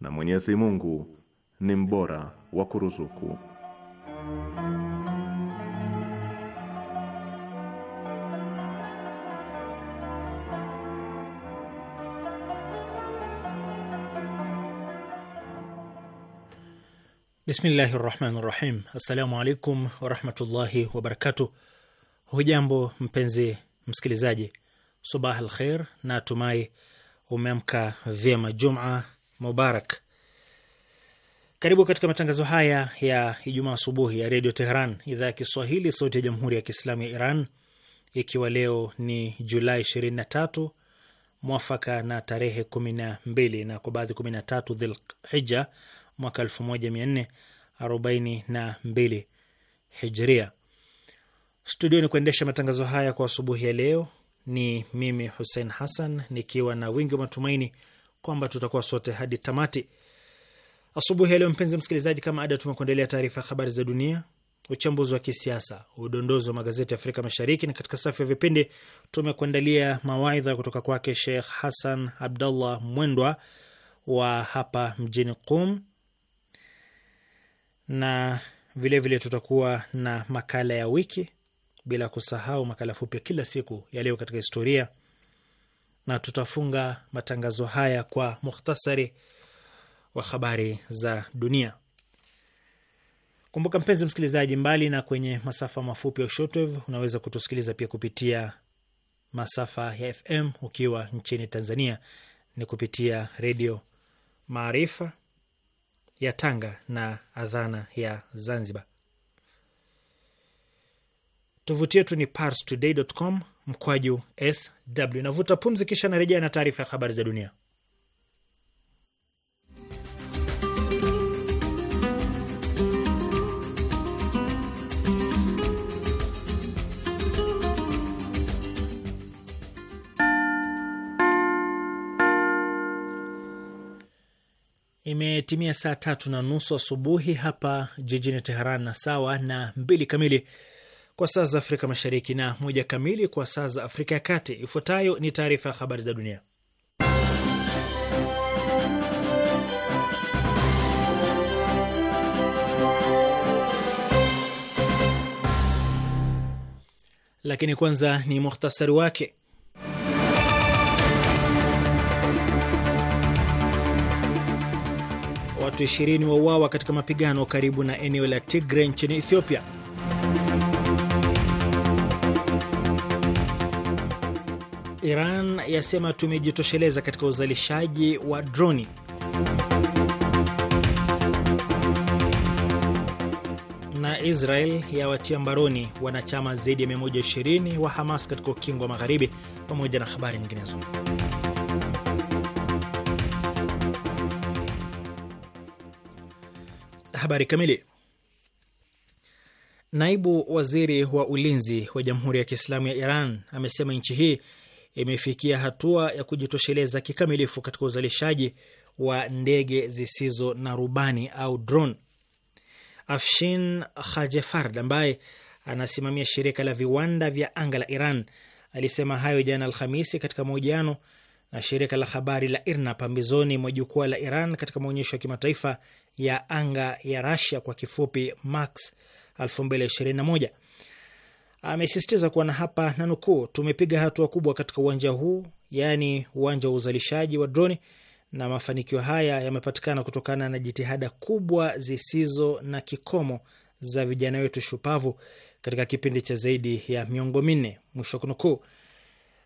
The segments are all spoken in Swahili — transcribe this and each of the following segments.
na Mwenyezi Mungu ni mbora wa kuruzuku. Bismillahi rahmani rahim. Assalamu alaikum warahmatullahi wabarakatuh. Hujambo mpenzi msikilizaji, subah alkheir, na tumai umeamka vyema. Juma Mubarak. Karibu katika matangazo haya ya Ijumaa asubuhi ya Redio Tehran, idhaa ya Kiswahili, sauti ya Jamhuri ya Kiislamu ya Iran, ikiwa leo ni Julai 23 mwafaka na tarehe 12 na kwa baadhi 13 Dhilhija mwaka 1442 Hijria. Studioni kuendesha matangazo haya kwa asubuhi ya leo ni mimi Hussein Hassan nikiwa na wingi wa matumaini kwamba tutakuwa sote hadi tamati asubuhi ya leo. Mpenzi msikilizaji, kama ada, tumekuendelea taarifa ya habari za dunia, uchambuzi wa kisiasa, udondozi wa magazeti ya Afrika Mashariki, na katika safu ya vipindi tumekuandalia mawaidha kutoka kwake Sheikh hasan Abdallah Mwendwa wa hapa mjini Qum, na vilevile vile tutakuwa na makala ya wiki, bila kusahau makala fupi ya kila siku ya leo katika historia na tutafunga matangazo haya kwa mukhtasari wa habari za dunia. Kumbuka mpenzi msikilizaji, mbali na kwenye masafa mafupi ya shortwave, unaweza kutusikiliza pia kupitia masafa ya FM. Ukiwa nchini Tanzania ni kupitia Redio Maarifa ya Tanga na Adhana ya Zanzibar. Tovuti yetu ni parstoday.com mkwaju sw. Navuta pumzi, kisha narejea na taarifa ya habari za dunia. Imetimia saa tatu na nusu asubuhi hapa jijini Teheran na sawa na mbili kamili kwa saa za Afrika Mashariki na moja kamili kwa saa za Afrika ya Kati. Ifuatayo ni taarifa ya habari za dunia, lakini kwanza ni muhtasari wake. Watu 20 wauawa katika mapigano karibu na eneo la tigre nchini Ethiopia. Iran yasema tumejitosheleza katika uzalishaji wa droni. Na Israel yawatia mbaroni wanachama zaidi ya 120 wa Hamas katika ukingo wa Magharibi, pamoja na habari nyinginezo. Habari kamili. Naibu waziri wa ulinzi wa Jamhuri ya Kiislamu ya Iran amesema nchi hii imefikia hatua ya kujitosheleza kikamilifu katika uzalishaji wa ndege zisizo na rubani au drone. Afshin Khajefard ambaye anasimamia shirika la viwanda vya anga la Iran alisema hayo jana Alhamisi katika mahojiano na shirika la habari la IRNA pambizoni mwa jukwaa la Iran katika maonyesho ya kimataifa ya anga ya Rasia kwa kifupi Max 2021 amesisitiza kuwa na hapa na nukuu, tumepiga hatua kubwa katika uwanja huu, yaani uwanja wa uzalishaji wa droni, na mafanikio haya yamepatikana kutokana na jitihada kubwa zisizo na kikomo za vijana wetu shupavu katika kipindi cha zaidi ya miongo minne, mwisho kunukuu.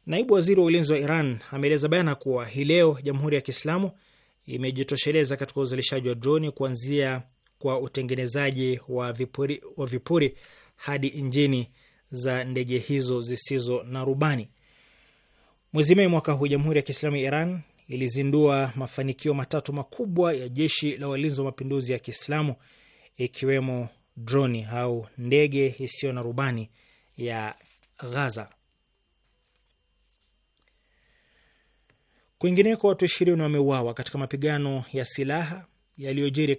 Naibu waziri wa ulinzi wa Iran ameeleza bayana kuwa hii leo Jamhuri ya Kiislamu imejitosheleza katika uzalishaji wa droni kuanzia kwa utengenezaji wa vipuri, wa vipuri hadi injini za ndege hizo zisizo na rubani. Mwezi Mei mwaka huu, Jamhuri ya Kiislamu ya Iran ilizindua mafanikio matatu makubwa ya jeshi la walinzi wa mapinduzi ya Kiislamu, ikiwemo droni au ndege isiyo na rubani ya Ghaza. Kwingineko, watu ishirini wameuawa katika mapigano ya silaha yaliyojiri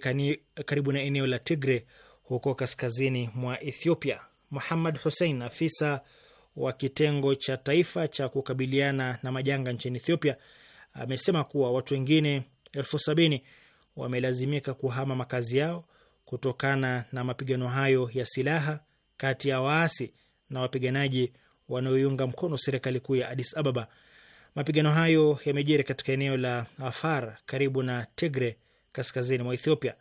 karibu na eneo la Tigre huko kaskazini mwa Ethiopia. Muhammad Hussein, afisa wa kitengo cha taifa cha kukabiliana na majanga nchini Ethiopia, amesema kuwa watu wengine elfu sabini wamelazimika kuhama makazi yao kutokana na mapigano hayo ya silaha kati ya waasi na wapiganaji wanaoiunga mkono serikali kuu ya Addis Ababa. Mapigano hayo yamejiri katika eneo la Afar karibu na Tigre kaskazini mwa Ethiopia.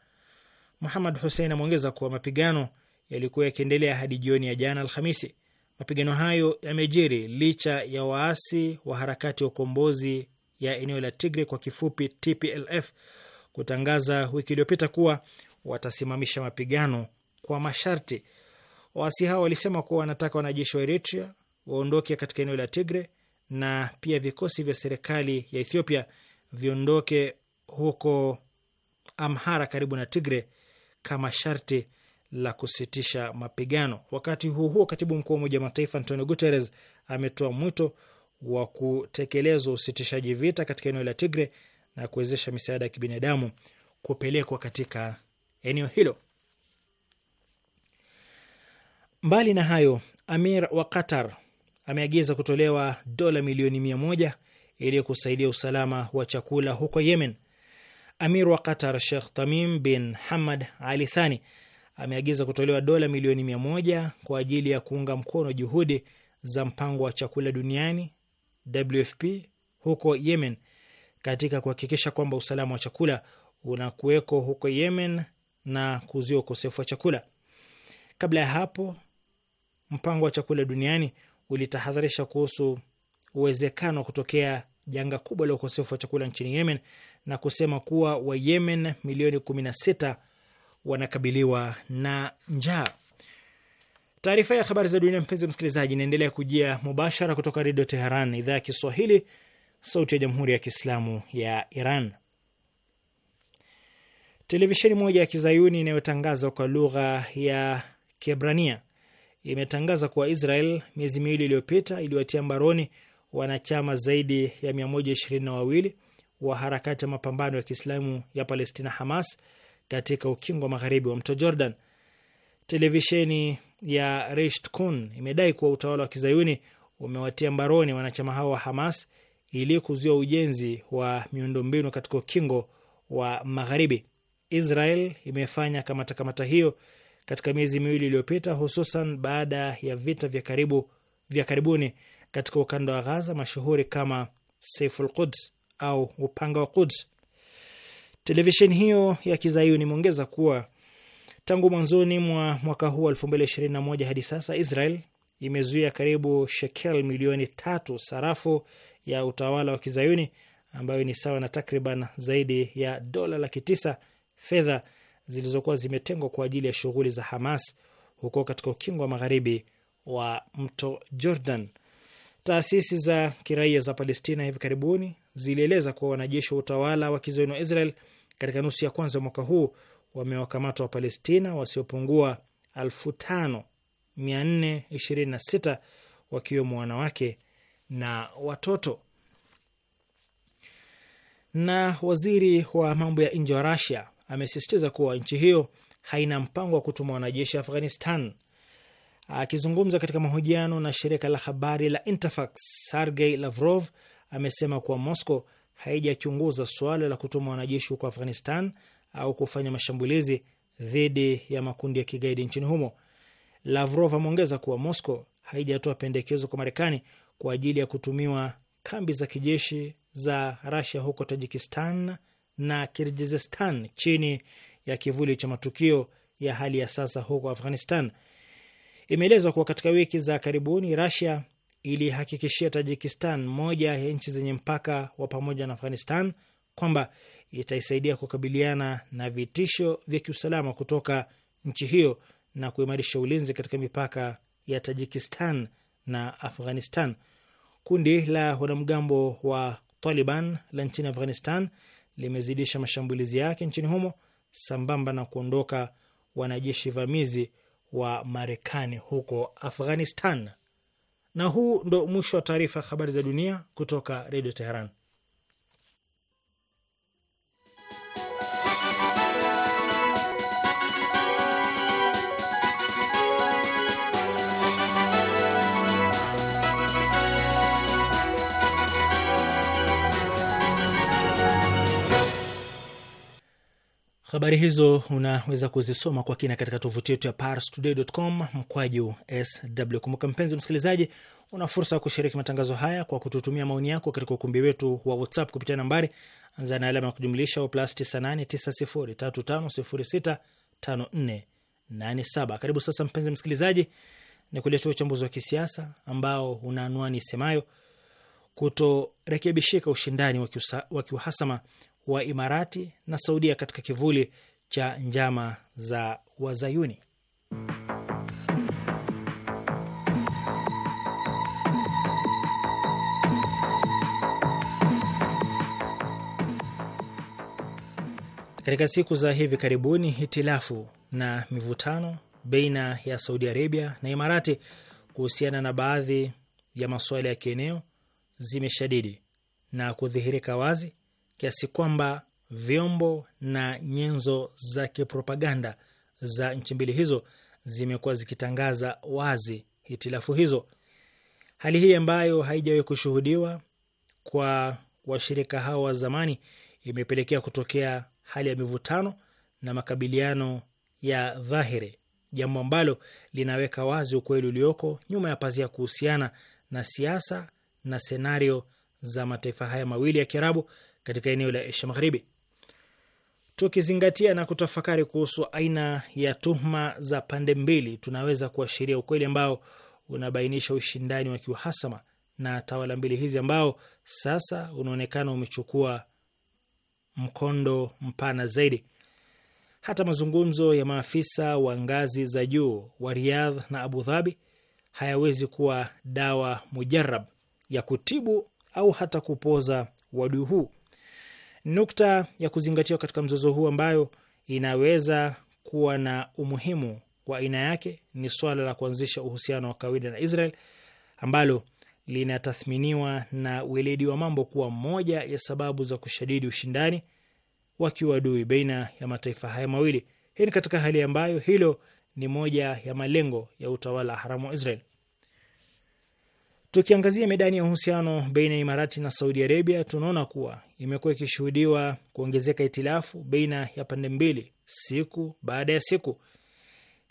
Muhammad Hussein ameongeza kuwa mapigano yalikuwa yakiendelea hadi jioni ya jana Alhamisi. Mapigano hayo yamejiri licha ya waasi wa harakati ya ukombozi ya eneo la Tigre kwa kifupi TPLF kutangaza wiki iliyopita kuwa watasimamisha mapigano kwa masharti. Waasi hao walisema kuwa wanataka wanajeshi wa Eritrea waondoke katika eneo la Tigre na pia vikosi vya serikali ya Ethiopia viondoke huko Amhara karibu na Tigre kama sharti la kusitisha mapigano. Wakati huo huo, katibu mkuu wa Umoja wa Mataifa Antonio Guterres ametoa mwito wa kutekelezwa usitishaji vita katika eneo la Tigre na kuwezesha misaada ya kibinadamu kupelekwa katika eneo hilo. Mbali na hayo, Amir wa Qatar ameagiza kutolewa dola milioni mia moja ili kusaidia usalama wa chakula huko Yemen. Amir wa Qatar Sheikh Tamim bin Hamad Ali Thani ameagiza kutolewa dola milioni mia moja kwa ajili ya kuunga mkono juhudi za mpango wa chakula duniani WFP huko Yemen katika kuhakikisha kwamba usalama wa chakula unakuweko huko Yemen na kuzuia ukosefu wa chakula. Kabla ya hapo, mpango wa chakula duniani ulitahadharisha kuhusu uwezekano wa kutokea janga kubwa la ukosefu wa chakula nchini Yemen na kusema kuwa Wayemen milioni kumi na sita wanakabiliwa na njaa. Taarifa ya habari za dunia, mpenzi msikilizaji, inaendelea kujia mubashara kutoka Redio Teheran, idhaa ya Kiswahili, sauti ya jamhuri ya kiislamu ya Iran. Televisheni moja ya kizayuni inayotangazwa kwa lugha ya Kiebrania imetangaza kuwa Israel miezi miwili iliyopita iliwatia mbaroni wanachama zaidi ya mia moja ishirini na wawili wa harakati ya mapambano ya kiislamu ya Palestina, Hamas, katika ukingo wa magharibi wa mto Jordan. Televisheni ya Resht Kun imedai kuwa utawala wa kizayuni umewatia mbaroni wanachama hao wa Hamas ili kuzuia ujenzi wa miundombinu katika ukingo wa magharibi. Israel imefanya kamata kamata hiyo katika miezi miwili iliyopita, hususan baada ya vita vya karibu vya karibuni katika ukanda wa Ghaza mashuhuri kama Saiful Quds au upanga wa Quds. Televisheni hiyo ya kizayuni imeongeza kuwa tangu mwanzoni mwa mwaka huu 2021 hadi sasa Israel imezuia karibu shekel milioni tatu sarafu ya utawala wa kizayuni ambayo ni sawa na takriban zaidi ya dola laki tisa fedha zilizokuwa zimetengwa kwa ajili ya shughuli za Hamas huko katika ukingo wa magharibi wa mto Jordan. Taasisi za kiraia za Palestina hivi karibuni zilieleza kuwa wanajeshi wa utawala wa kizayuni wa Israel katika nusu ya kwanza mwaka huu wamewakamata Wapalestina wasiopungua 5426 wakiwemo wanawake na watoto. Na waziri wa mambo ya nje wa Rasia amesisitiza kuwa nchi hiyo haina mpango wa kutuma wanajeshi Afghanistan. Akizungumza katika mahojiano na shirika la habari la Interfax, sergey Lavrov amesema kuwa Moscow haijachunguza suala la kutuma wanajeshi huko Afghanistan au kufanya mashambulizi dhidi ya makundi ya kigaidi nchini humo. Lavrov ameongeza kuwa Moscow haijatoa pendekezo kwa Marekani kwa ajili ya kutumiwa kambi za kijeshi za Rasia huko Tajikistan na Kirgizistan chini ya kivuli cha matukio ya hali ya sasa huko Afghanistan. Imeelezwa kuwa katika wiki za karibuni Rasia ilihakikishia Tajikistan, moja ya nchi zenye mpaka wa pamoja na Afghanistan, kwamba itaisaidia kukabiliana na vitisho vya kiusalama kutoka nchi hiyo na kuimarisha ulinzi katika mipaka ya Tajikistan na Afghanistan. Kundi la wanamgambo wa Taliban la nchini Afghanistan limezidisha mashambulizi yake nchini humo sambamba na kuondoka wanajeshi vamizi wa Marekani huko Afghanistan. Na huu ndo mwisho wa taarifa ya habari za dunia kutoka Redio Teheran. Habari hizo unaweza kuzisoma kwa kina katika tovuti yetu ya parstoday.com mkwaju sw. Kumbuka mpenzi msikilizaji, una fursa ya kushiriki matangazo haya kwa kututumia maoni yako katika ukumbi wetu wa WhatsApp kupitia nambari anza na alama ya kujumlisha plus 989035065487. Karibu sasa, mpenzi msikilizaji, ni kuletea uchambuzi wa kisiasa ambao una anwani isemayo kutorekebishika ushindani wa kiuhasama wa Imarati na Saudia katika kivuli cha njama za Wazayuni. Katika siku za hivi karibuni, hitilafu na mivutano baina ya Saudi Arabia na Imarati kuhusiana na baadhi ya masuala ya kieneo zimeshadidi na kudhihirika wazi kiasi kwamba vyombo na nyenzo za kipropaganda za nchi mbili hizo zimekuwa zikitangaza wazi hitilafu hizo. Hali hii ambayo haijawahi kushuhudiwa kwa washirika hao wa zamani imepelekea kutokea hali ya mivutano na makabiliano ya dhahiri, jambo ambalo linaweka wazi ukweli ulioko nyuma ya pazia kuhusiana na siasa na senario za mataifa haya mawili ya Kiarabu katika eneo la Asia Magharibi. Tukizingatia na kutafakari kuhusu aina ya tuhuma za pande mbili, tunaweza kuashiria ukweli ambao unabainisha ushindani wa kiuhasama na tawala mbili hizi ambao sasa unaonekana umechukua mkondo mpana zaidi. Hata mazungumzo ya maafisa wa ngazi za juu wa Riyadh na Abu Dhabi hayawezi kuwa dawa mujarab ya kutibu au hata kupoza wadui huu. Nukta ya kuzingatiwa katika mzozo huu ambayo inaweza kuwa na umuhimu wa aina yake ni swala la kuanzisha uhusiano wa kawaida na Israel ambalo linatathminiwa na weledi wa mambo kuwa moja ya sababu za kushadidi ushindani wa kiuadui baina ya mataifa haya mawili. Hii ni katika hali ambayo hilo ni moja ya malengo ya utawala haramu wa Israel. Tukiangazia medani ya uhusiano baina ya Imarati na Saudi Arabia, tunaona kuwa imekuwa ikishuhudiwa kuongezeka hitilafu baina ya pande mbili siku baada ya siku.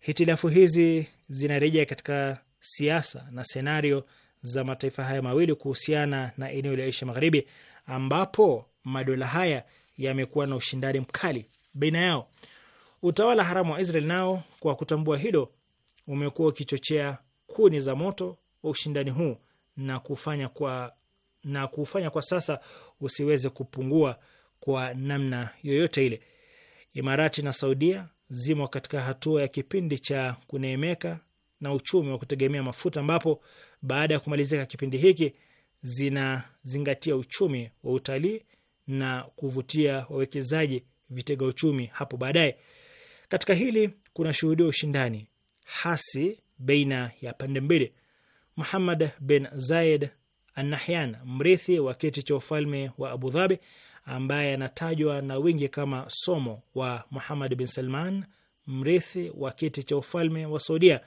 Hitilafu hizi zinarejea katika siasa na senario za mataifa haya mawili kuhusiana na eneo la Asia Magharibi, ambapo madola haya yamekuwa na ushindani mkali baina yao. Utawala haramu wa Israel nao kwa kutambua hilo umekuwa ukichochea kuni za moto wa ushindani huu na kufanya kwa, na kufanya kwa sasa usiweze kupungua kwa namna yoyote ile. Imarati na Saudia zimo katika hatua ya kipindi cha kuneemeka na uchumi wa kutegemea mafuta, ambapo baada ya kumalizika kipindi hiki zinazingatia uchumi wa utalii na kuvutia wawekezaji vitega uchumi hapo baadaye. Katika hili kuna shuhudia ushindani hasi baina ya pande mbili. Muhammad bin Zaid anahyan mrithi wa kiti cha ufalme wa Abu Dhabi, ambaye anatajwa na wingi kama somo wa Muhammad bin Salman, mrithi wa kiti cha ufalme wa Saudia,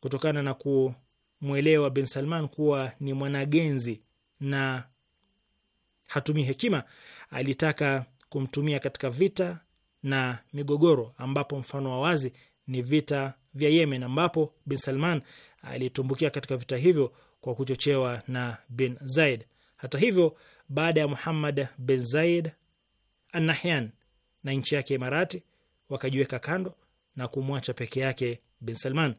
kutokana na kumwelewa bin Salman kuwa ni mwanagenzi na hatumii hekima, alitaka kumtumia katika vita na migogoro, ambapo mfano wa wazi ni vita vya Yemen, ambapo bin Salman alitumbukia katika vita hivyo kwa kuchochewa na bin Zaid. Hata hivyo, baada ya Muhammad bin Zaid anahyan na nchi yake Imarati, wakajiweka kando na kumwacha peke yake bin Salman.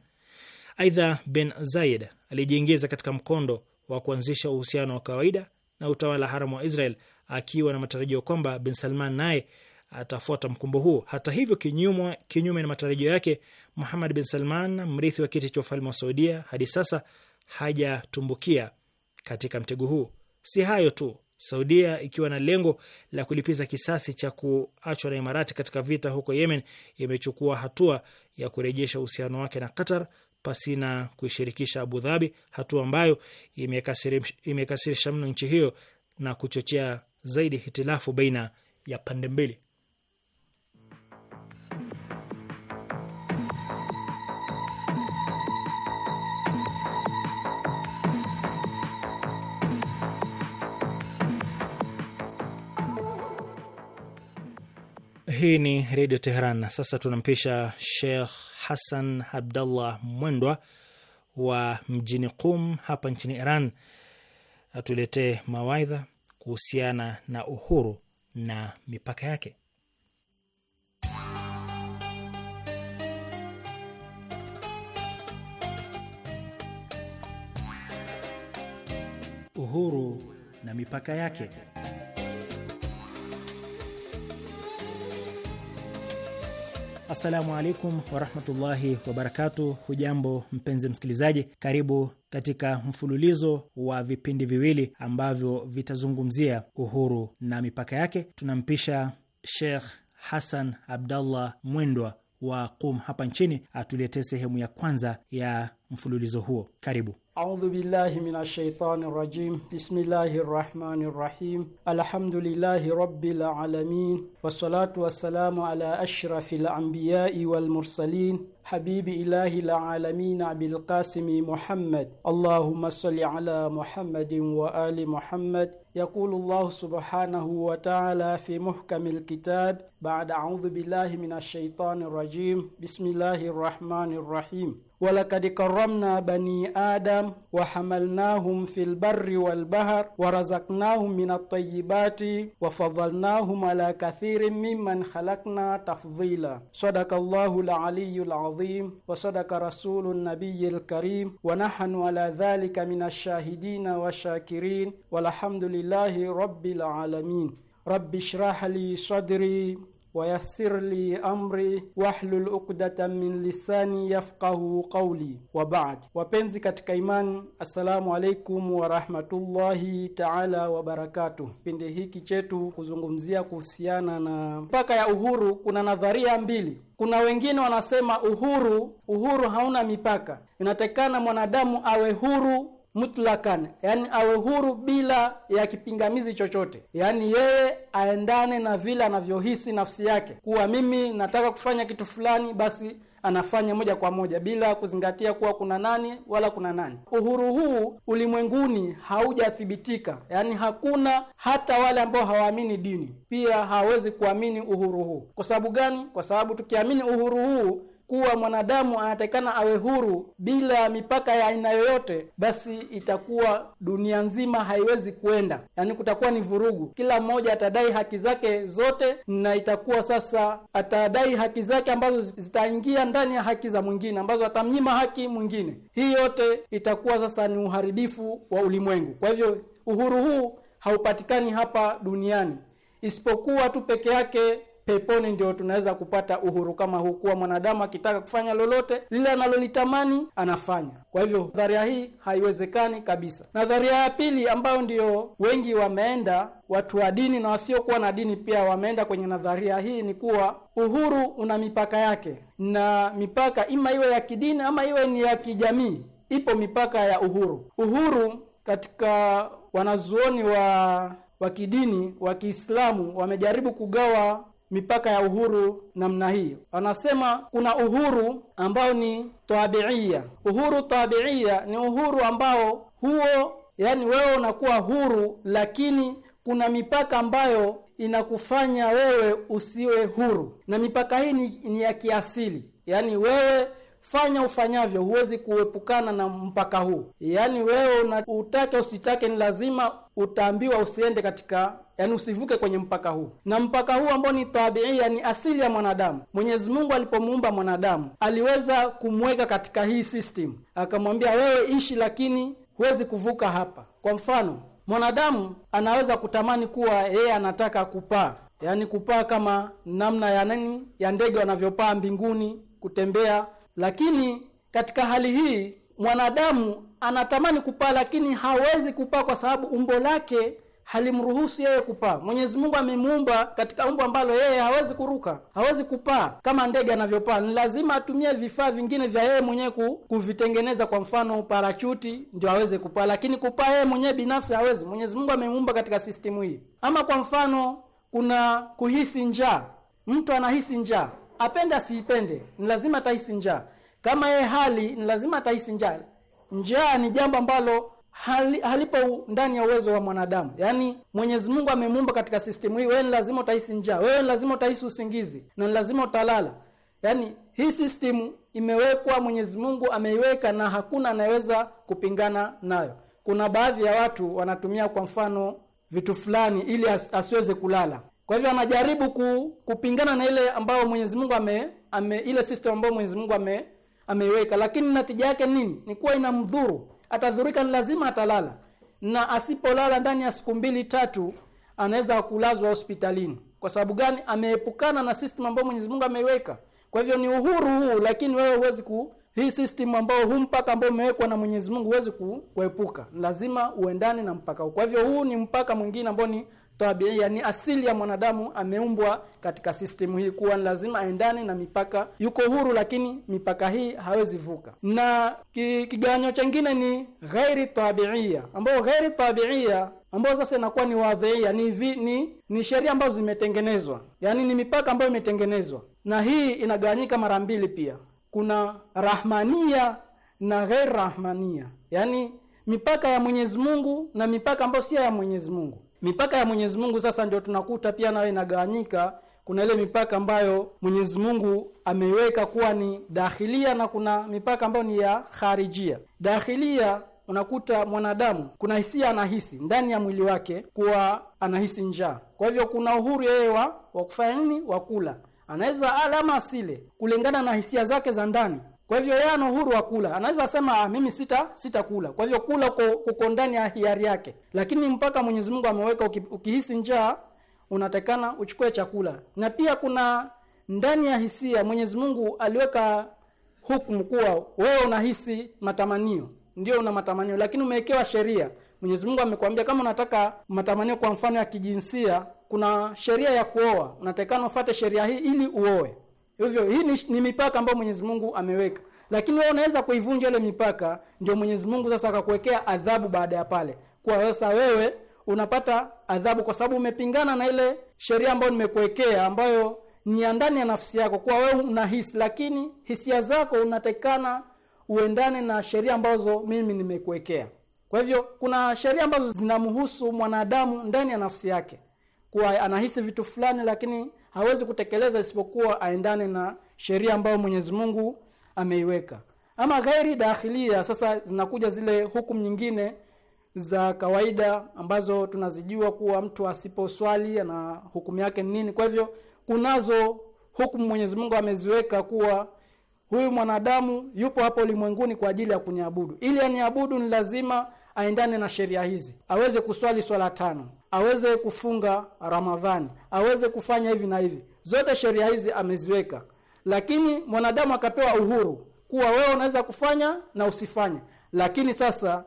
Aidha, bin Zaid alijiingiza katika mkondo wa kuanzisha uhusiano wa kawaida na utawala haramu wa Israel akiwa na matarajio kwamba bin Salman naye atafuata mkumbo huo. Hata hivyo, kinyume kinyume na matarajio yake, Muhammad bin Salman, mrithi wa kiti cha ufalme wa Saudia, hadi sasa hajatumbukia katika mtego huu. Si hayo tu, Saudia ikiwa na lengo la kulipiza kisasi cha kuachwa na Imarati katika vita huko Yemen, imechukua hatua ya kurejesha uhusiano wake na Qatar pasina kuishirikisha Abu Dhabi, hatua ambayo imekasirisha mno nchi hiyo na kuchochea zaidi hitilafu baina ya pande mbili. Hii ni Redio Teheran. Sasa tunampisha Sheikh Hassan Abdallah Mwendwa wa mjini Qum hapa nchini Iran atuletee mawaidha kuhusiana na uhuru na mipaka yake. Uhuru na mipaka yake. Assalamu alaikum warahmatullahi wabarakatu Hujambo mpenzi msikilizaji, karibu katika mfululizo wa vipindi viwili ambavyo vitazungumzia uhuru na mipaka yake. Tunampisha Sheikh Hassan Abdallah Mwendwa wa Qum hapa nchini atuletee sehemu ya kwanza ya mfululizo huo. Karibu. Audhu billahi minash shaitani rajim. Bismillahi rahmani rahim. Alhamdulillahi rabbil alamin wassalatu wassalamu ala ashrafil anbiyai wal habibi ilahi lalamin abil Muhammad. Allahumma salli ala Muhammadin wa ali Muhammad يقول الله سبحانه وتعالى في محكم الكتاب بعد أعوذ بالله من الشيطان الرجيم بسم الله الرحمن الرحيم ولقد كرمنا بني آدم وحملناهم في البر والبحر ورزقناهم من الطيبات وفضلناهم على كثير ممن خلقنا تفضيلا صدق الله العلي العظيم وصدق رسول النبي الكريم ونحن على ذلك من الشاهدين والشاكرين والحمد لله رب العالمين رب اشرح لي صدري wayassir li amri wahlul uqdatan min lisani yafqahu qawli. Wa baad, wapenzi katika imani, assalamu alaikum warahmatullahi taala wabarakatuh. Kipindi hiki chetu kuzungumzia kuhusiana na mipaka ya uhuru, kuna nadharia mbili. Kuna wengine wanasema uhuru, uhuru hauna mipaka, inatakikana mwanadamu awe huru mutlakan, yani awe huru bila ya kipingamizi chochote, yani yeye aendane na vile anavyohisi nafsi yake kuwa mimi nataka kufanya kitu fulani, basi anafanya moja kwa moja bila kuzingatia kuwa kuna nani wala kuna nani. Uhuru huu ulimwenguni haujathibitika, yani hakuna hata wale ambao hawaamini dini pia hawawezi kuamini uhuru huu. Kwa sababu gani? Kwa sababu tukiamini uhuru huu kuwa mwanadamu anatakikana awe huru bila mipaka ya aina yoyote, basi itakuwa dunia nzima haiwezi kuenda, yaani kutakuwa ni vurugu. Kila mmoja atadai haki zake zote, na itakuwa sasa atadai haki zake ambazo zitaingia ndani ya haki za mwingine, ambazo atamnyima haki mwingine. Hii yote itakuwa sasa ni uharibifu wa ulimwengu. Kwa hivyo uhuru huu haupatikani hapa duniani isipokuwa tu peke yake peponi ndio tunaweza kupata uhuru kama huu, kuwa mwanadamu akitaka kufanya lolote lile analolitamani anafanya. Kwa hivyo nadharia hii haiwezekani kabisa. Nadharia ya pili ambayo ndio wengi wameenda watu wa dini na wasiokuwa na dini pia wameenda kwenye nadharia hii, ni kuwa uhuru una mipaka yake, na mipaka ima iwe ya kidini ama iwe ni ya kijamii. Ipo mipaka ya uhuru. Uhuru katika wanazuoni wa wa kidini wa Kiislamu wamejaribu kugawa mipaka ya uhuru namna hiyo. Anasema kuna uhuru ambao ni tabiia. Uhuru tabiia ni uhuru ambao huo, yani wewe unakuwa huru, lakini kuna mipaka ambayo inakufanya wewe usiwe huru, na mipaka hii ni, ni ya kiasili, yani wewe fanya ufanyavyo, huwezi kuepukana na mpaka huu. Yaani wewe utake usitake, ni lazima utaambiwa usiende katika yani usivuke kwenye mpaka huu, na mpaka huu ambao ni tabiia, ni asili ya mwanadamu. Mwenyezi Mungu alipomuumba mwanadamu aliweza kumweka katika hii system, akamwambia wewe ishi, lakini huwezi kuvuka hapa. Kwa mfano, mwanadamu anaweza kutamani kuwa yeye anataka kupaa, yani kupaa kama namna ya nani ya ndege wanavyopaa mbinguni, kutembea, lakini katika hali hii mwanadamu anatamani kupaa lakini hawezi kupaa kwa sababu umbo lake halimruhusu yeye kupaa. Mwenyezi Mungu amemuumba katika umbo ambalo yeye hawezi kuruka, hawezi kupaa kama ndege anavyopaa. Ni lazima atumie vifaa vingine vya yeye mwenyewe kuvitengeneza, kwa mfano parachuti, ndio aweze kupaa, lakini kupaa yeye mwenyewe binafsi hawezi. Mwenyezi Mungu amemuumba katika sistimu hii. Ama kwa mfano, kuna kuhisi njaa. Mtu anahisi njaa, apende asiipende, ni lazima atahisi njaa. Kama yeye hali, ni lazima atahisi njaa njaa ni jambo ambalo hali, halipo ndani ya uwezo wa mwanadamu. Yaani Mwenyezi Mungu amemuumba katika sistemu hii, wewe ni lazima utahisi njaa, wewe ni lazima utahisi usingizi na ni lazima utalala. Yaani hii sistemu imewekwa, Mwenyezi Mungu ameiweka na hakuna anayeweza kupingana nayo. Kuna baadhi ya watu wanatumia kwa mfano vitu fulani ili as, asiweze kulala. Kwa hivyo anajaribu ku, kupingana na ile ambayo Mwenyezi Mungu ame, ame ile system ambayo Mwenyezi Mungu ame ameweka, lakini natija yake nini ni kuwa inamdhuru atadhurika ni lazima atalala na asipolala ndani ya siku mbili tatu anaweza kulazwa hospitalini kwa sababu gani ameepukana na system ambayo Mwenyezi Mungu ameiweka kwa hivyo ni uhuru huu lakini wewe huwezi ku hii system ambayo huu mpaka ambao umewekwa na Mwenyezi Mungu huwezi kuepuka lazima uendane na mpaka huu kwa hivyo huu ni mpaka mwingine ambao ni tabia ni asili ya mwanadamu ameumbwa katika system hii kuwa lazima aendane na mipaka yuko huru lakini mipaka hii hawezi vuka na ki, kigawanyo chengine ni ghairi tabiia ambayo ghairi tabiia ambayo sasa inakuwa ni wadhiia ni, vi, ni ni sheria ambazo zimetengenezwa yani ni mipaka ambayo imetengenezwa na hii inagawanyika mara mbili pia kuna rahmania na ghairi rahmania yani mipaka ya Mwenyezi Mungu na mipaka ambayo si ya Mwenyezi Mungu Mipaka ya Mwenyezi Mungu sasa ndio tunakuta pia nayo inagawanyika. Kuna ile mipaka ambayo Mwenyezi Mungu ameiweka kuwa ni dakhilia na kuna mipaka ambayo ni ya kharijia. Dakhilia unakuta mwanadamu kuna hisia anahisi ndani ya mwili wake kuwa anahisi njaa, kwa hivyo kuna uhuru yeye wa kufanya nini, wa kula, anaweza ala ama asile kulingana na hisia zake za ndani. Kwa hivyo yeye ana uhuru wa kula. Anaweza kusema ah, mimi sita sitakula. Kwa hivyo kula kuko ndani ya hiari yake. Lakini mpaka Mwenyezi Mungu ameweka ukihisi njaa unatakana uchukue chakula. Na pia kuna ndani ya hisia Mwenyezi Mungu aliweka hukumu kuwa wewe unahisi matamanio ndio una matamanio lakini umewekewa sheria. Mwenyezi Mungu amekwambia kama unataka matamanio kwa mfano ya kijinsia kuna sheria ya kuoa, unatakana ufate sheria hii ili uoe. Hivyo hii ni, ni mipaka ambayo Mwenyezi Mungu ameweka. Lakini wewe unaweza kuivunja ile mipaka, ndio Mwenyezi Mungu sasa akakuwekea adhabu baada ya pale. Kwa sasa wewe unapata adhabu kwa sababu umepingana na ile sheria ambayo nimekuwekea ambayo ni ya ndani ya nafsi yako kuwa wewe unahisi, lakini hisia zako unatakikana uendane na sheria ambazo mimi nimekuwekea. Kwa hivyo kuna sheria ambazo zinamhusu mwanadamu ndani ya nafsi yake kuwa anahisi vitu fulani, lakini hawezi kutekeleza isipokuwa aendane na sheria ambayo Mwenyezi Mungu ameiweka ama ghairi dakhilia sasa zinakuja zile hukumu nyingine za kawaida ambazo tunazijua kuwa mtu asiposwali na hukumu yake ni nini kwa hivyo kunazo hukumu Mwenyezi Mungu ameziweka kuwa huyu mwanadamu yupo hapo ulimwenguni kwa ajili ya kuniabudu ili aniabudu ni lazima aendane na sheria hizi, aweze kuswali swala tano, aweze kufunga Ramadhani, aweze kufanya hivi na hivi. Zote sheria hizi ameziweka, lakini mwanadamu akapewa uhuru kuwa wewe unaweza kufanya na usifanye. Lakini sasa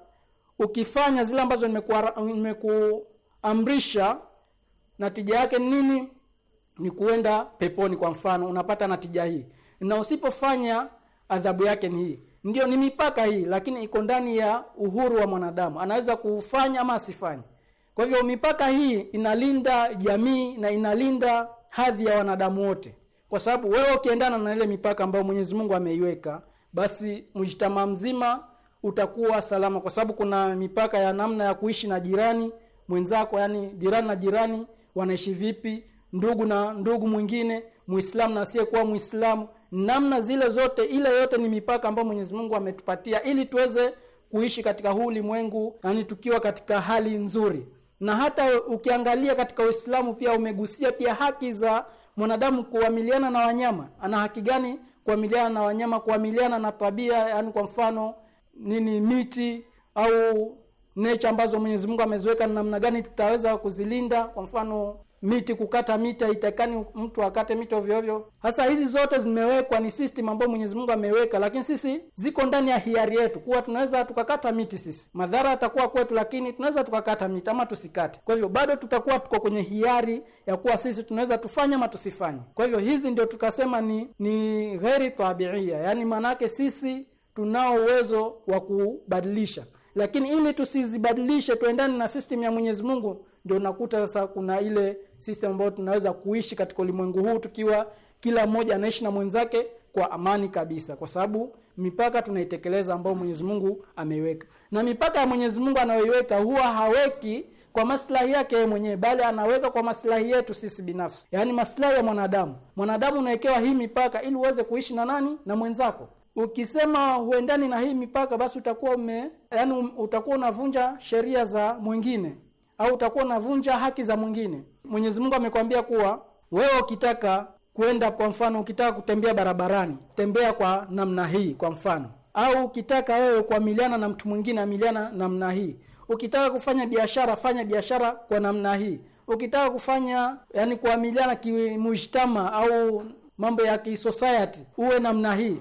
ukifanya zile ambazo nimekuamrisha, natija yake nini? Ni kuenda peponi. Kwa mfano, unapata natija hii, na usipofanya adhabu yake ni hii ndio ni mipaka hii lakini iko ndani ya uhuru wa mwanadamu anaweza kufanya ama asifanye kwa hivyo mipaka hii inalinda jamii na inalinda hadhi ya wanadamu wote kwa sababu wewe ukiendana na ile mipaka ambayo Mwenyezi Mungu ameiweka basi mjitama mzima utakuwa salama kwa sababu kuna mipaka ya namna ya kuishi na jirani mwenzako yani jirani na jirani wanaishi vipi ndugu na ndugu mwingine muislamu na asiyekuwa muislamu namna zile zote ile yote ni mipaka ambayo Mwenyezi Mungu ametupatia ili tuweze kuishi katika huu ulimwengu yani tukiwa katika hali nzuri na hata ukiangalia katika Uislamu pia umegusia pia haki za mwanadamu kuamiliana na wanyama ana haki gani kuamiliana na wanyama kuamiliana na tabia yani kwa mfano nini miti au nature ambazo Mwenyezi Mungu ameziweka namna gani tutaweza kuzilinda kwa mfano miti kukata miti haitakani mtu akate miti ovyoovyo hasa hizi zote zimewekwa, ni system ambayo Mwenyezi Mungu ameweka, lakini sisi ziko ndani ya hiari yetu kuwa tunaweza tukakata miti sisi, madhara yatakuwa kwetu, lakini tunaweza tukakata miti ama tusikate. Kwa hivyo bado tutakuwa tuko kwenye hiari ya kuwa sisi tunaweza tufanye ama tusifanye. Kwa hivyo hizi ndio tukasema ni ni gheri tabiia, yani maanake sisi tunao uwezo wa kubadilisha, lakini ili tusizibadilishe tuendane na system ya Mwenyezi Mungu ndio nakuta sasa kuna ile system ambayo tunaweza kuishi katika ulimwengu huu tukiwa kila mmoja anaishi na mwenzake kwa amani kabisa kwa sababu mipaka tunaitekeleza ambayo Mwenyezi Mungu ameiweka. Na mipaka ya Mwenyezi Mungu anayoiweka huwa haweki kwa maslahi yake yeye mwenyewe bali anaweka kwa maslahi yetu sisi binafsi. Yaani maslahi ya mwanadamu. Mwanadamu unawekewa hii mipaka ili uweze kuishi na nani? Na mwenzako. Ukisema huendani na hii mipaka basi utakuwa ume yani utakuwa unavunja sheria za mwingine au utakuwa unavunja haki za mwingine. Mwenyezi Mungu amekwambia kuwa wewe ukitaka kwenda, kwa mfano, ukitaka kutembea barabarani, tembea kwa namna hii, kwa mfano, au ukitaka wewe kuamiliana na mtu mwingine, amiliana namna hii. Ukitaka kufanya biashara, fanya biashara kwa namna hii. Ukitaka kufanya yani, kuamiliana kimujtama au mambo ya kisociety, uwe namna hii.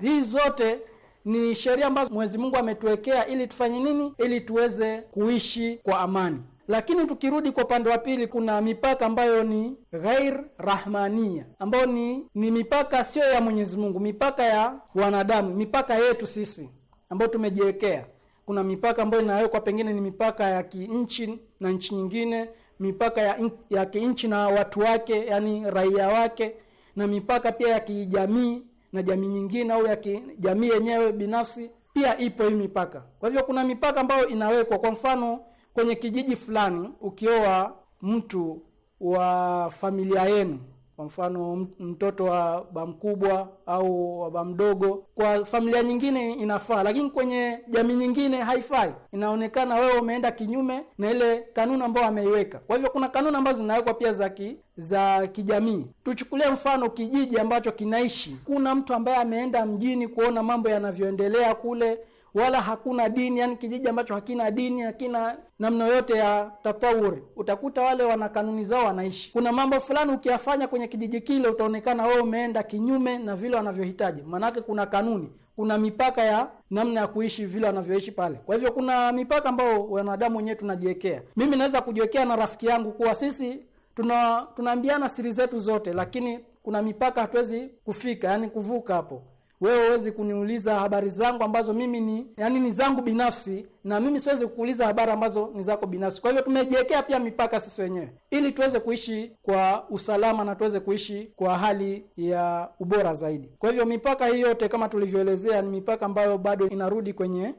Hizi zote ni sheria ambazo Mwenyezi Mungu ametuwekea ili tufanye nini? Ili tuweze kuishi kwa amani. Lakini tukirudi kwa upande wa pili, kuna mipaka ambayo ni ghair rahmania, ambayo ni ni mipaka sio ya Mwenyezi Mungu, mipaka ya wanadamu, mipaka yetu sisi ambayo tumejiwekea. Kuna mipaka ambayo inawekwa, pengine ni mipaka ya kinchi na nchi nyingine, mipaka ya, in, ya kinchi na watu wake, yani raia wake, na mipaka pia ya kijamii na jamii nyingine au ya jamii yenyewe binafsi pia ipo hii mipaka. Kwa hivyo kuna mipaka ambayo inawekwa, kwa mfano kwenye kijiji fulani, ukioa mtu wa familia yenu kwa mfano mtoto wa ba mkubwa au wa ba mdogo. Kwa familia nyingine inafaa, lakini kwenye jamii nyingine haifai. Inaonekana wewe umeenda kinyume na ile kanuni ambayo ameiweka. Kwa hivyo kuna kanuni ambazo zinawekwa pia za ki, za kijamii. Tuchukulie mfano kijiji ambacho kinaishi, kuna mtu ambaye ameenda mjini kuona mambo yanavyoendelea kule wala hakuna dini yani kijiji ambacho hakina dini hakina namna yote ya tatawuri utakuta wale wana kanuni zao wanaishi kuna mambo fulani ukiyafanya kwenye kijiji kile utaonekana wewe umeenda kinyume na vile wanavyohitaji maanake kuna kanuni kuna mipaka ya namna ya kuishi vile wanavyoishi pale kwa hivyo kuna mipaka ambayo wanadamu wenyewe tunajiwekea mimi naweza kujiwekea na rafiki yangu kuwa sisi tuna tunaambiana siri zetu zote lakini kuna mipaka hatuwezi kufika yani kuvuka hapo wewe huwezi kuniuliza habari zangu ambazo mimi ni yani ni zangu binafsi na mimi siwezi kukuuliza habari ambazo ni zako binafsi. Kwa hivyo tumejiwekea pia mipaka sisi wenyewe ili tuweze kuishi kwa usalama na tuweze kuishi kwa hali ya ubora zaidi. Kwa hivyo mipaka hii yote kama tulivyoelezea ni mipaka ambayo bado inarudi kwenye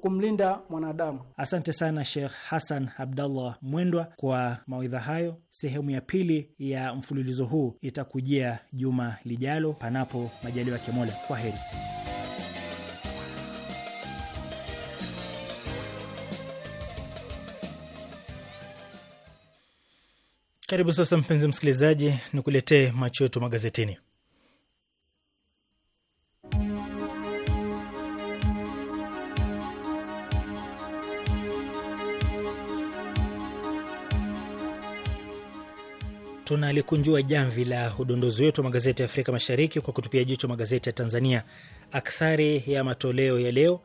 kumlinda mwanadamu. Asante sana Sheikh Hassan Abdallah Mwendwa kwa mawaidha hayo. Sehemu ya pili ya mfululizo huu itakujia juma lijalo, panapo majaliwa ya Mola. Kwa heri. Karibu sasa, mpenzi msikilizaji, nikuletee macho yetu magazetini. Tunalikunjua jamvi la udondozi wetu wa magazeti ya Afrika Mashariki kwa kutupia jicho magazeti ya Tanzania. Akthari ya matoleo ya leo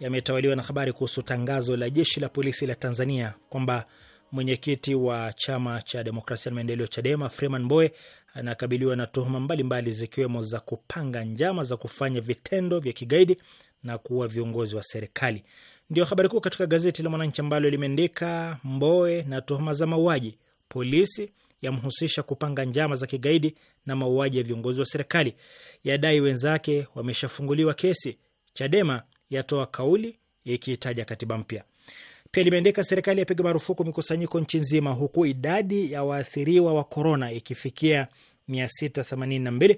yametawaliwa na habari kuhusu tangazo la jeshi la polisi la Tanzania kwamba mwenyekiti wa chama cha demokrasia na maendeleo Chadema Freeman Mbowe anakabiliwa na tuhuma mbalimbali zikiwemo za kupanga njama za kufanya vitendo vya kigaidi na kuua viongozi wa serikali. Ndio habari kuu katika gazeti la Mwananchi ambalo limeandika Mbowe na tuhuma za mauaji, polisi yamhusisha kupanga njama za kigaidi na mauaji ya viongozi wa serikali, yadai wenzake wameshafunguliwa kesi, Chadema yatoa kauli ikiitaja katiba mpya. Pia limeandika serikali yapiga marufuku mikusanyiko nchi nzima, huku idadi ya waathiriwa wa korona ikifikia 682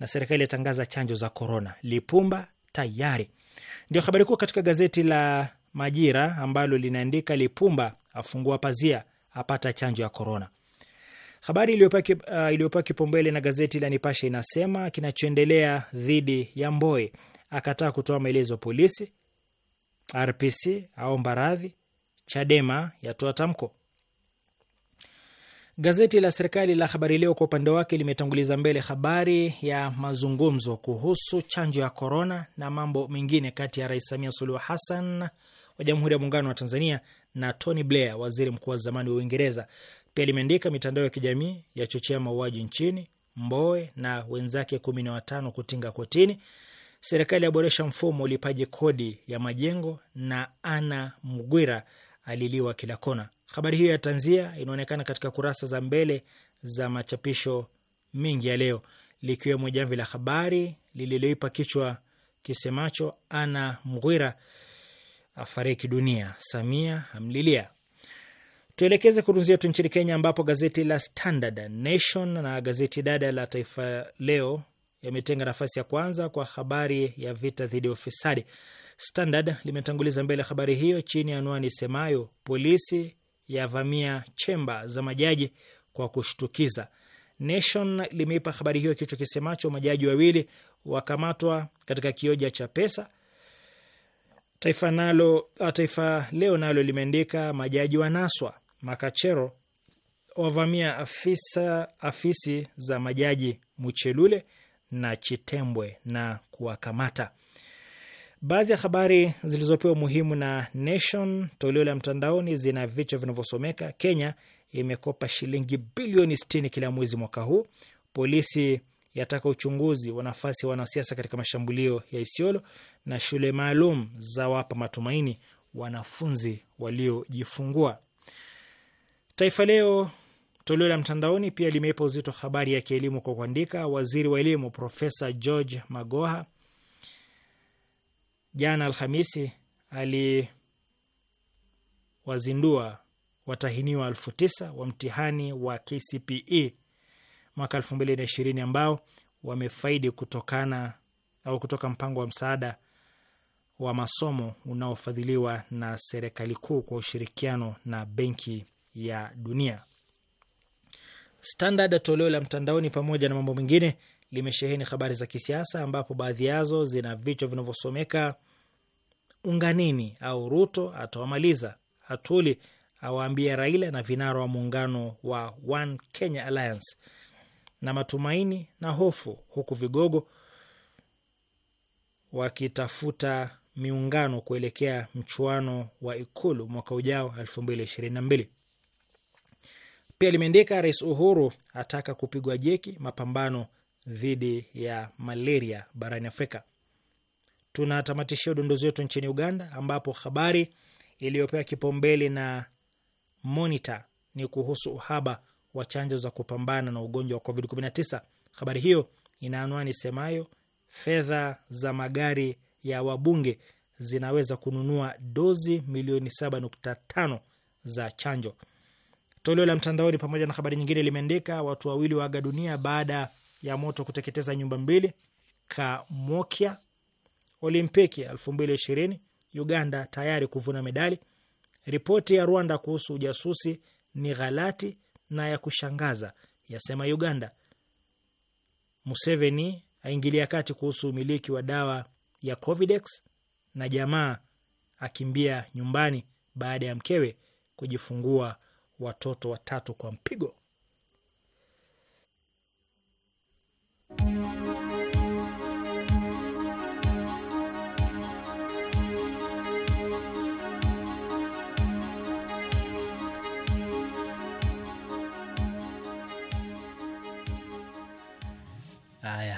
na serikali yatangaza chanjo za korona. Lipumba tayari ndio habari kuu katika gazeti la Majira ambalo linaandika Lipumba afungua pazia apata chanjo ya korona. Habari iliyopewa uh, kipaumbele na gazeti la Nipashe inasema kinachoendelea dhidi ya Mboe, akataa kutoa maelezo polisi. RPC aomba radhi, Chadema yatoa tamko. Gazeti la serikali la Habari Leo kwa upande wake limetanguliza mbele habari ya mazungumzo kuhusu chanjo ya korona na mambo mengine kati ya Rais Samia Suluhu Hassan wa Jamhuri ya Muungano wa Tanzania na Tony Blair, waziri mkuu wa zamani wa Uingereza. Pia limeandika mitandao ya kijamii yachochea mauaji nchini, mboe na wenzake kumi na watano kutinga kotini, serikali yaboresha mfumo ulipaji kodi ya majengo, na Ana Mgwira aliliwa kila kona. Habari hiyo ya tanzia inaonekana katika kurasa za mbele za machapisho mengi ya leo, likiwemo Jamvi la Habari lililoipa kichwa kisemacho Ana Mghwira afariki dunia, Samia amlilia. Tuelekeze kurunzi yetu nchini Kenya, ambapo gazeti la Standard, Nation na gazeti dada la Taifa Leo yametenga nafasi ya kwanza kwa habari ya vita dhidi ya ufisadi. Standard limetanguliza mbele habari hiyo chini ya anwani semayo polisi yavamia chemba za majaji kwa kushtukiza. Nation limeipa habari hiyo kichwa kisemacho majaji wawili wakamatwa katika kioja cha pesa. Taifa, nalo, ah, Taifa Leo nalo limeandika majaji wanaswa, makachero wavamia afisa, afisi za majaji Muchelule na Chitembwe na kuwakamata. Baadhi ya habari zilizopewa umuhimu na Nation toleo la mtandaoni zina vichwa vinavyosomeka: Kenya imekopa shilingi bilioni 60 kila mwezi mwaka huu, polisi yataka uchunguzi wa nafasi ya wanasiasa katika mashambulio ya Isiolo, na shule maalum za wapa matumaini wanafunzi waliojifungua. Taifa Leo toleo la mtandaoni pia limeipa uzito habari ya kielimu kwa kuandika, waziri wa elimu Profesa George Magoha jana Alhamisi aliwazindua watahiniwa elfu tisa wa mtihani wa KCPE mwaka elfu mbili na ishirini ambao wamefaidi kutokana au kutoka mpango wa msaada wa masomo unaofadhiliwa na serikali kuu kwa ushirikiano na Benki ya Dunia. Standard toleo la mtandaoni, pamoja na mambo mengine limesheheni habari za kisiasa ambapo baadhi yazo zina vichwa vinavyosomeka unganini au Ruto atawamaliza, Atuli awaambia Raila na vinara wa muungano wa One Kenya Alliance, na matumaini na hofu, huku vigogo wakitafuta miungano kuelekea mchuano wa Ikulu mwaka ujao 2022. Pia limeandika Rais Uhuru ataka kupigwa jeki mapambano dhidi ya malaria barani Afrika. Tunatamatishia udondozi wetu nchini Uganda, ambapo habari iliyopewa kipaumbele na Monitor ni kuhusu uhaba wa chanjo za kupambana na ugonjwa wa COVID-19. Habari hiyo ina anwani semayo fedha za magari ya wabunge zinaweza kununua dozi milioni 7.5 za chanjo. Toleo la mtandaoni pamoja na habari nyingine limeandika watu wawili waaga dunia baada ya moto kuteketeza nyumba mbili Kamokia. Olimpiki 2020 Uganda tayari kuvuna medali. Ripoti ya Rwanda kuhusu ujasusi ni ghalati na ya kushangaza, yasema Uganda. Museveni aingilia kati kuhusu umiliki wa dawa ya Covidex, na jamaa akimbia nyumbani baada ya mkewe kujifungua watoto watatu kwa mpigo.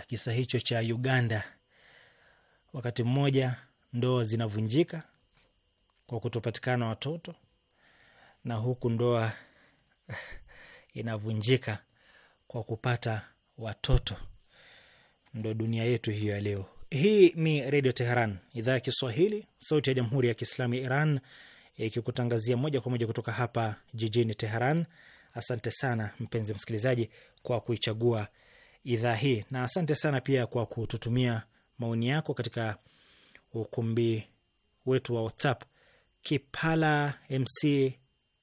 kisa hicho cha Uganda. Wakati mmoja ndoa zinavunjika kwa kutopatikana watoto, na huku ndoa inavunjika kwa kupata watoto. Ndo dunia yetu hiyo ya leo. Hii ni Redio Teheran, idhaa ya Kiswahili, sauti ya Jamhuri ya Kiislamu ya Iran, ikikutangazia moja kwa moja kutoka hapa jijini Teheran. Asante sana mpenzi msikilizaji kwa kuichagua idhaa hii, na asante sana pia kwa kututumia maoni yako katika ukumbi wetu wa WhatsApp. Kipala MC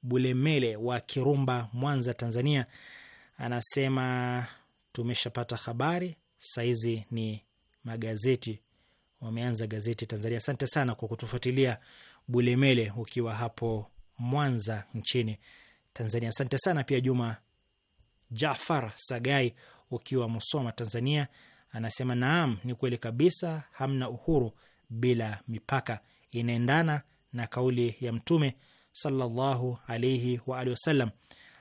Bulemele wa Kirumba, Mwanza, Tanzania, anasema tumeshapata habari saizi, ni magazeti wameanza gazeti Tanzania. Asante sana kwa kutufuatilia Bulemele, ukiwa hapo Mwanza nchini Tanzania. Asante sana pia Juma Jafar Sagai ukiwa Musoma, Tanzania, anasema naam, ni kweli kabisa, hamna uhuru bila mipaka. Inaendana na kauli ya Mtume sallallahu alaihi wa alihi wasallam,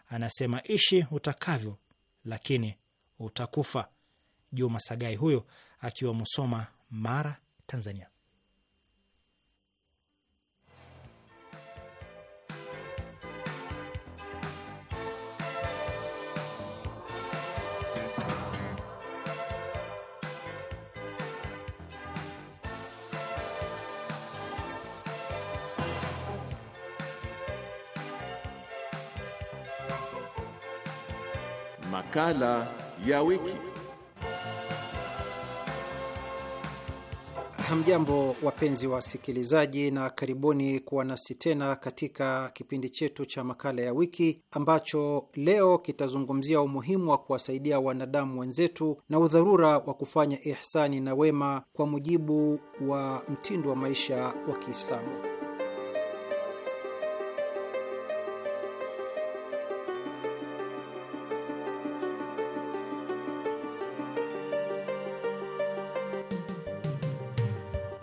anasema ishi utakavyo, lakini utakufa. Juma Sagai huyo akiwa Musoma, Mara, Tanzania. makala ya wiki. Hamjambo, wapenzi wa wasikilizaji, na karibuni kuwa nasi tena katika kipindi chetu cha makala ya wiki ambacho leo kitazungumzia umuhimu wa kuwasaidia wanadamu wenzetu na udharura wa kufanya ihsani na wema kwa mujibu wa mtindo wa maisha wa Kiislamu.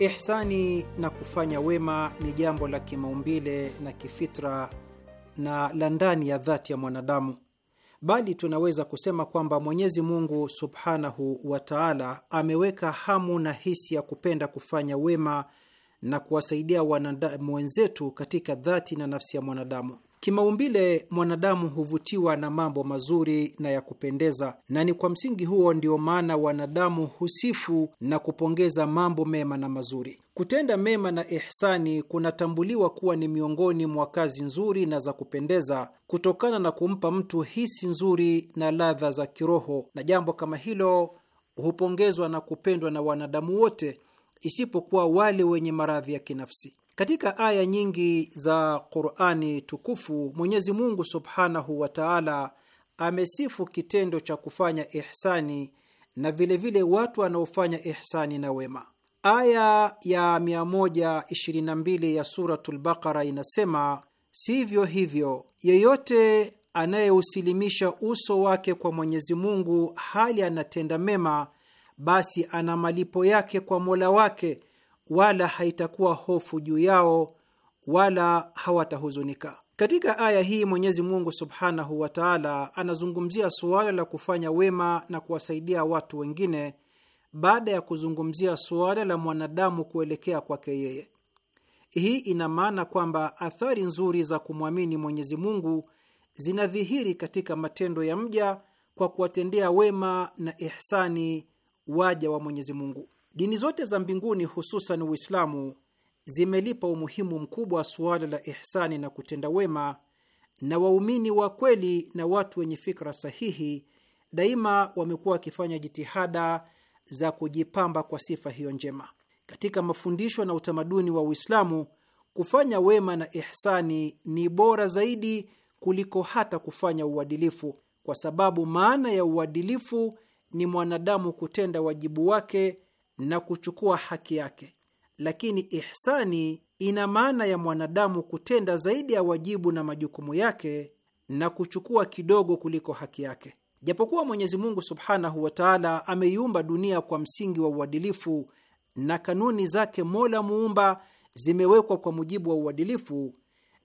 Ihsani na kufanya wema ni jambo la kimaumbile na kifitra na la ndani ya dhati ya mwanadamu, bali tunaweza kusema kwamba Mwenyezi Mungu subhanahu wa taala ameweka hamu na hisi ya kupenda kufanya wema na kuwasaidia wanadamu wenzetu katika dhati na nafsi ya mwanadamu. Kimaumbile mwanadamu huvutiwa na mambo mazuri na ya kupendeza, na ni kwa msingi huo ndio maana wanadamu husifu na kupongeza mambo mema na mazuri. Kutenda mema na ihsani kunatambuliwa kuwa ni miongoni mwa kazi nzuri na za kupendeza kutokana na kumpa mtu hisi nzuri na ladha za kiroho, na jambo kama hilo hupongezwa na kupendwa na wanadamu wote isipokuwa wale wenye maradhi ya kinafsi. Katika aya nyingi za Qurani tukufu Mwenyezi Mungu subhanahu wa taala amesifu kitendo cha kufanya ihsani na vilevile vile watu wanaofanya ihsani na wema. Aya ya 122 ya Suratul Bakara inasema, sivyo hivyo, yeyote anayeusilimisha uso wake kwa Mwenyezi Mungu hali anatenda mema, basi ana malipo yake kwa mola wake wala haitakuwa hofu juu yao wala hawatahuzunika. Katika aya hii Mwenyezi Mungu subhanahu wa taala anazungumzia suala la kufanya wema na kuwasaidia watu wengine baada ya kuzungumzia suala la mwanadamu kuelekea kwake yeye. Hii ina maana kwamba athari nzuri za kumwamini Mwenyezi Mungu zinadhihiri katika matendo ya mja kwa kuwatendea wema na ihsani waja wa Mwenyezi Mungu. Dini zote za mbinguni, hususan Uislamu, zimelipa umuhimu mkubwa suala la ihsani na kutenda wema, na waumini wa kweli na watu wenye fikra sahihi daima wamekuwa wakifanya jitihada za kujipamba kwa sifa hiyo njema. Katika mafundisho na utamaduni wa Uislamu, kufanya wema na ihsani ni bora zaidi kuliko hata kufanya uadilifu, kwa sababu maana ya uadilifu ni mwanadamu kutenda wajibu wake na kuchukua haki yake, lakini ihsani ina maana ya mwanadamu kutenda zaidi ya wajibu na majukumu yake na kuchukua kidogo kuliko haki yake. Japokuwa Mwenyezi Mungu subhanahu wa taala ameiumba dunia kwa msingi wa uadilifu na kanuni zake Mola muumba zimewekwa kwa mujibu wa uadilifu,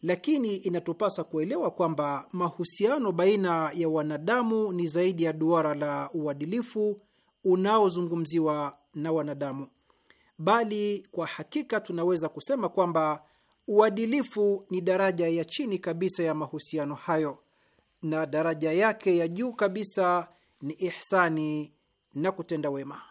lakini inatupasa kuelewa kwamba mahusiano baina ya wanadamu ni zaidi ya duara la uadilifu unaozungumziwa na wanadamu, bali kwa hakika tunaweza kusema kwamba uadilifu ni daraja ya chini kabisa ya mahusiano hayo na daraja yake ya juu kabisa ni ihsani na kutenda wema.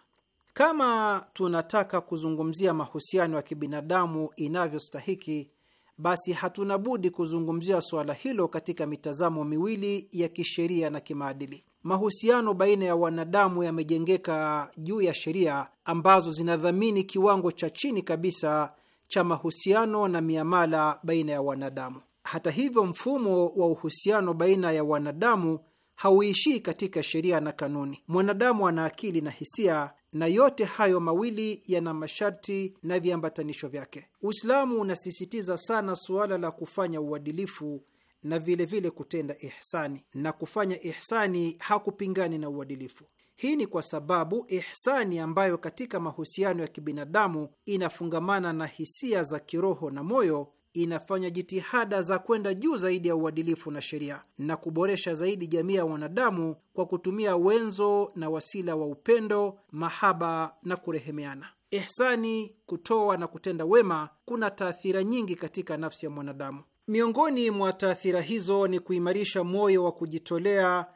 Kama tunataka kuzungumzia mahusiano ya kibinadamu inavyostahiki, basi hatuna budi kuzungumzia suala hilo katika mitazamo miwili ya kisheria na kimaadili mahusiano baina ya wanadamu yamejengeka juu ya sheria ambazo zinadhamini kiwango cha chini kabisa cha mahusiano na miamala baina ya wanadamu. Hata hivyo, mfumo wa uhusiano baina ya wanadamu hauishii katika sheria na kanuni. Mwanadamu ana akili na hisia, na yote hayo mawili yana masharti na viambatanisho vyake. Uislamu unasisitiza sana suala la kufanya uadilifu na vilevile vile kutenda ihsani, na kufanya ihsani hakupingani na uadilifu. Hii ni kwa sababu ihsani ambayo katika mahusiano ya kibinadamu inafungamana na hisia za kiroho na moyo inafanya jitihada za kwenda juu zaidi ya uadilifu na sheria na kuboresha zaidi jamii ya wanadamu kwa kutumia wenzo na wasila wa upendo, mahaba na kurehemeana. Ihsani, kutoa na kutenda wema kuna taathira nyingi katika nafsi ya mwanadamu. Miongoni mwa taathira hizo ni kuimarisha moyo wa kujitolea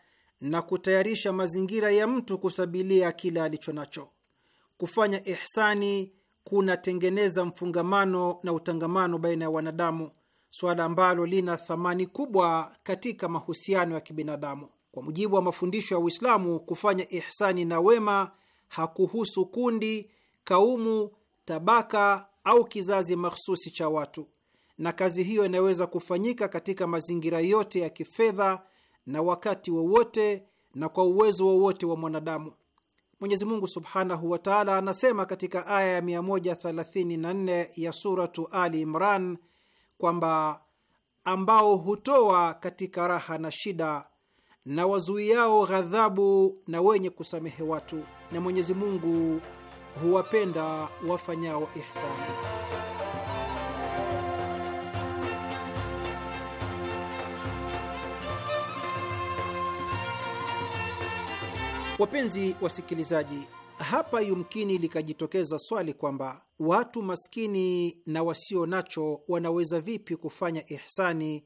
na kutayarisha mazingira ya mtu kusabilia kila alicho nacho. Kufanya ihsani kunatengeneza mfungamano na utangamano baina ya wanadamu, suala ambalo lina thamani kubwa katika mahusiano ya kibinadamu. Kwa mujibu wa mafundisho ya Uislamu, kufanya ihsani na wema hakuhusu kundi, kaumu, tabaka au kizazi mahsusi cha watu na kazi hiyo inaweza kufanyika katika mazingira yote ya kifedha na wakati wowote wa na kwa uwezo wowote wa, wa mwanadamu. Mwenyezi Mungu subhanahu wa taala anasema katika aya ya 134 ya Suratu Ali Imran kwamba ambao hutoa katika raha na shida na wazuiao ghadhabu na wenye kusamehe watu, na Mwenyezi Mungu huwapenda wafanyao ihsani. Wapenzi wasikilizaji, hapa yumkini likajitokeza swali kwamba watu maskini na wasio nacho wanaweza vipi kufanya ihsani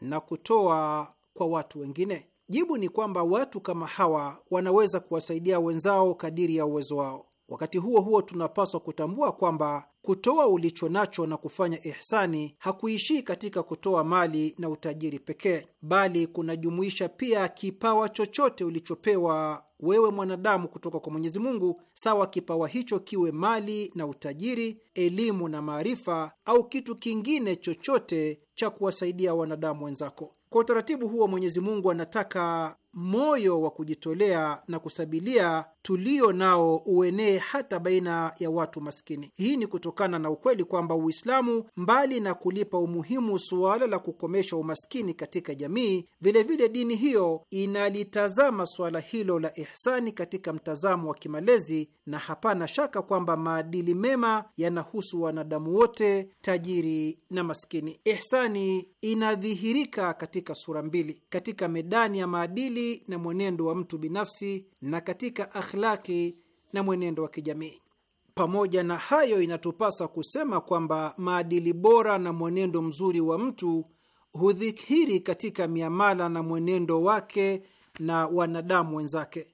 na kutoa kwa watu wengine? Jibu ni kwamba watu kama hawa wanaweza kuwasaidia wenzao kadiri ya uwezo wao. Wakati huo huo, tunapaswa kutambua kwamba kutoa ulicho nacho na kufanya ihsani hakuishii katika kutoa mali na utajiri pekee, bali kunajumuisha pia kipawa chochote ulichopewa wewe mwanadamu kutoka kwa Mwenyezi Mungu, sawa kipawa hicho kiwe mali na utajiri, elimu na maarifa, au kitu kingine chochote cha kuwasaidia wanadamu wenzako. Kwa utaratibu huo, Mwenyezi Mungu anataka moyo wa kujitolea na kusabilia tulio nao uenee hata baina ya watu maskini. Hii ni kutokana na ukweli kwamba Uislamu mbali na kulipa umuhimu suala la kukomesha umaskini katika jamii, vilevile vile dini hiyo inalitazama suala hilo la ihsani katika mtazamo wa kimalezi, na hapana shaka kwamba maadili mema yanahusu wanadamu wote, tajiri na maskini. Ihsani inadhihirika katika sura mbili, katika medani ya maadili na mwenendo wa mtu binafsi na katika akhlaki na mwenendo wa kijamii. Pamoja na hayo, inatupasa kusema kwamba maadili bora na mwenendo mzuri wa mtu hudhihiri katika miamala na mwenendo wake na wanadamu wenzake.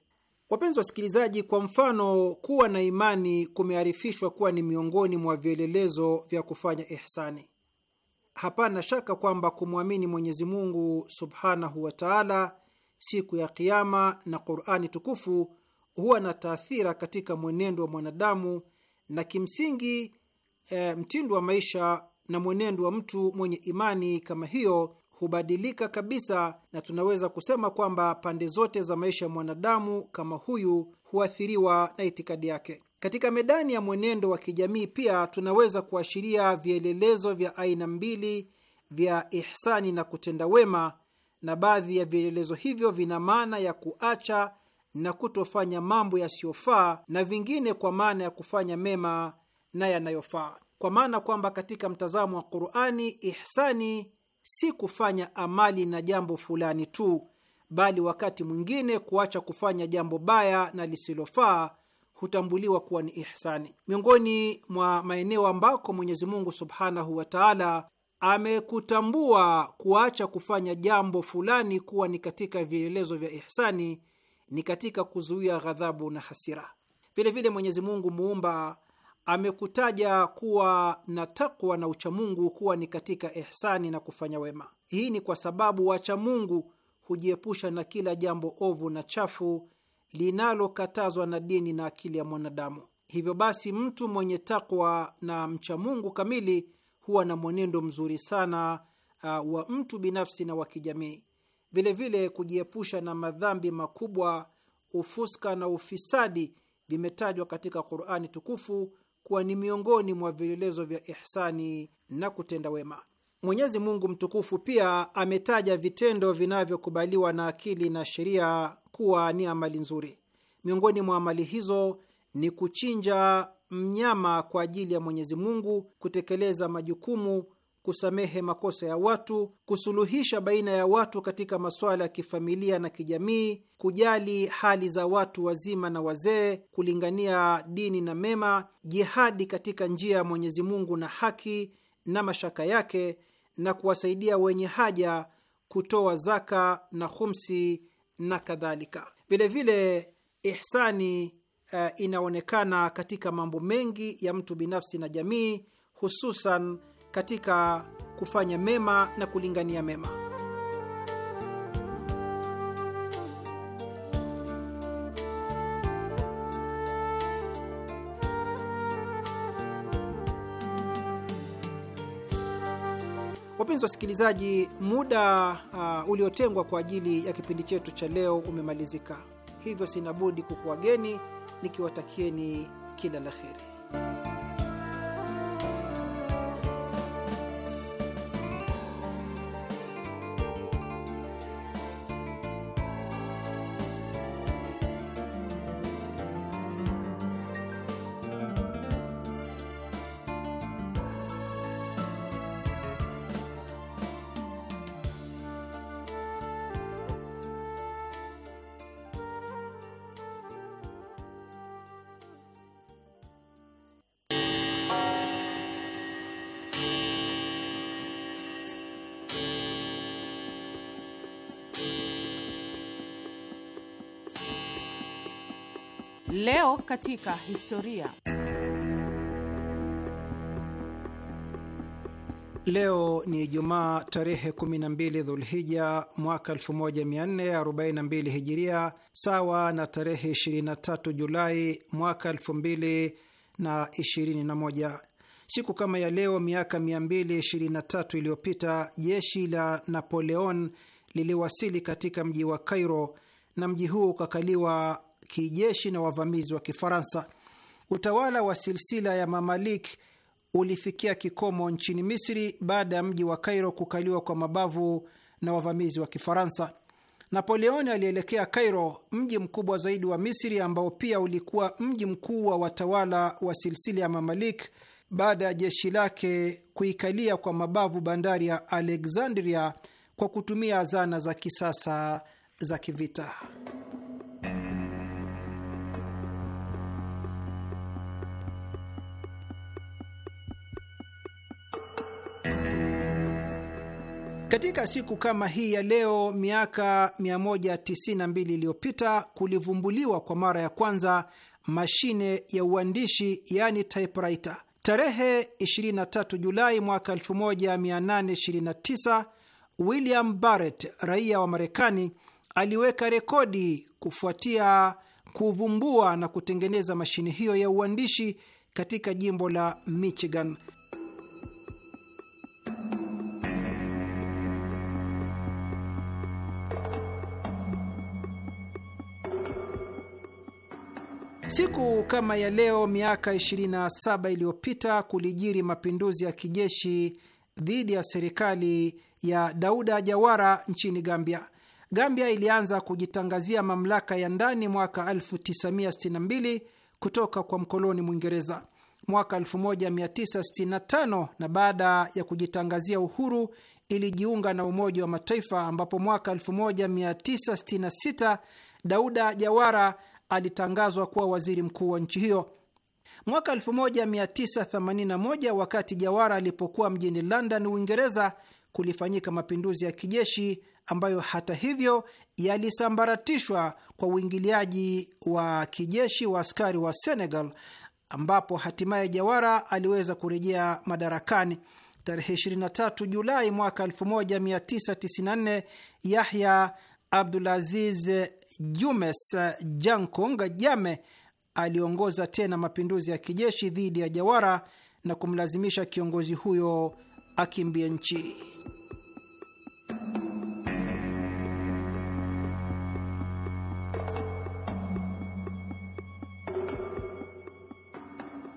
Wapenzi wasikilizaji, kwa mfano, kuwa na imani kumearifishwa kuwa ni miongoni mwa vielelezo vya kufanya ihsani. Hapana shaka kwamba kumwamini Mwenyezi Mungu subhanahu wa taala, siku ya Kiama na Qurani tukufu huwa na taathira katika mwenendo wa mwanadamu na kimsingi e, mtindo wa maisha na mwenendo wa mtu mwenye imani kama hiyo hubadilika kabisa, na tunaweza kusema kwamba pande zote za maisha ya mwanadamu kama huyu huathiriwa na itikadi yake. Katika medani ya mwenendo wa kijamii pia tunaweza kuashiria vielelezo vya aina mbili vya ihsani na kutenda wema, na baadhi ya vielelezo hivyo vina maana ya kuacha na kutofanya mambo yasiyofaa na vingine kwa maana ya kufanya mema na yanayofaa, kwa maana kwamba katika mtazamo wa Qur'ani, ihsani si kufanya amali na jambo fulani tu, bali wakati mwingine kuacha kufanya jambo baya na lisilofaa hutambuliwa kuwa ni ihsani. Miongoni mwa maeneo ambako Mwenyezi Mungu Subhanahu wa Ta'ala amekutambua kuacha kufanya jambo fulani kuwa ni katika vielelezo vya ihsani ni katika kuzuia ghadhabu na hasira. Vilevile Mwenyezi Mungu muumba amekutaja kuwa na takwa na uchamungu kuwa ni katika ihsani na kufanya wema. Hii ni kwa sababu wachamungu hujiepusha na kila jambo ovu na chafu linalokatazwa na dini na akili ya mwanadamu. Hivyo basi, mtu mwenye takwa na mchamungu kamili huwa na mwenendo mzuri sana uh, wa mtu binafsi na wa kijamii. Vilevile, kujiepusha na madhambi makubwa, ufuska na ufisadi vimetajwa katika Qurani tukufu kuwa ni miongoni mwa vielelezo vya ihsani na kutenda wema. Mwenyezi Mungu mtukufu pia ametaja vitendo vinavyokubaliwa na akili na sheria kuwa ni amali nzuri. Miongoni mwa amali hizo ni kuchinja mnyama kwa ajili ya Mwenyezi Mungu, kutekeleza majukumu kusamehe makosa ya watu, kusuluhisha baina ya watu katika masuala ya kifamilia na kijamii, kujali hali za watu wazima na wazee, kulingania dini na mema, jihadi katika njia ya Mwenyezi Mungu na haki na mashaka yake, na kuwasaidia wenye haja, kutoa zaka na khumsi na kadhalika. Vilevile ihsani uh, inaonekana katika mambo mengi ya mtu binafsi na jamii, hususan katika kufanya mema na kulingania mema. Wapenzi wasikilizaji, muda uh, uliotengwa kwa ajili ya kipindi chetu cha leo umemalizika, hivyo sina budi kukuwageni nikiwatakieni kila la heri. Leo katika historia. Leo ni Jumaa tarehe 12 Dhulhija mwaka 1442 Hijiria, sawa na tarehe 23 Julai mwaka 2021. Siku kama ya leo miaka 223 iliyopita jeshi la Napoleon liliwasili katika mji wa Cairo na mji huo ukakaliwa kijeshi na wavamizi wa Kifaransa. Utawala wa silsila ya Mamalik ulifikia kikomo nchini Misri baada ya mji wa Kairo kukaliwa kwa mabavu na wavamizi wa Kifaransa. Napoleoni alielekea Kairo, mji mkubwa zaidi wa Misri, ambao pia ulikuwa mji mkuu wa watawala wa silsila ya Mamalik baada ya jeshi lake kuikalia kwa mabavu bandari ya Alexandria kwa kutumia zana za kisasa za kivita. Katika siku kama hii ya leo miaka 192 iliyopita kulivumbuliwa kwa mara ya kwanza mashine ya uandishi yaani typewriter. Tarehe 23 Julai mwaka 1829 William Barrett, raia wa Marekani, aliweka rekodi kufuatia kuvumbua na kutengeneza mashine hiyo ya uandishi katika jimbo la Michigan. Siku kama ya leo miaka 27 iliyopita kulijiri mapinduzi ya kijeshi dhidi ya serikali ya Dauda Jawara nchini Gambia. Gambia ilianza kujitangazia mamlaka ya ndani mwaka 1962 kutoka kwa mkoloni Mwingereza mwaka 1965, na baada ya kujitangazia uhuru ilijiunga na Umoja wa Mataifa, ambapo mwaka 1966 Dauda Jawara alitangazwa kuwa waziri mkuu wa nchi hiyo. Mwaka 1981 wakati Jawara alipokuwa mjini London, Uingereza, kulifanyika mapinduzi ya kijeshi ambayo hata hivyo yalisambaratishwa kwa uingiliaji wa kijeshi wa askari wa Senegal, ambapo hatimaye Jawara aliweza kurejea madarakani. Tarehe 23 Julai mwaka 1994 Yahya Abdulaziz Jumes Jankong Jame aliongoza tena mapinduzi ya kijeshi dhidi ya Jawara na kumlazimisha kiongozi huyo akimbie nchi.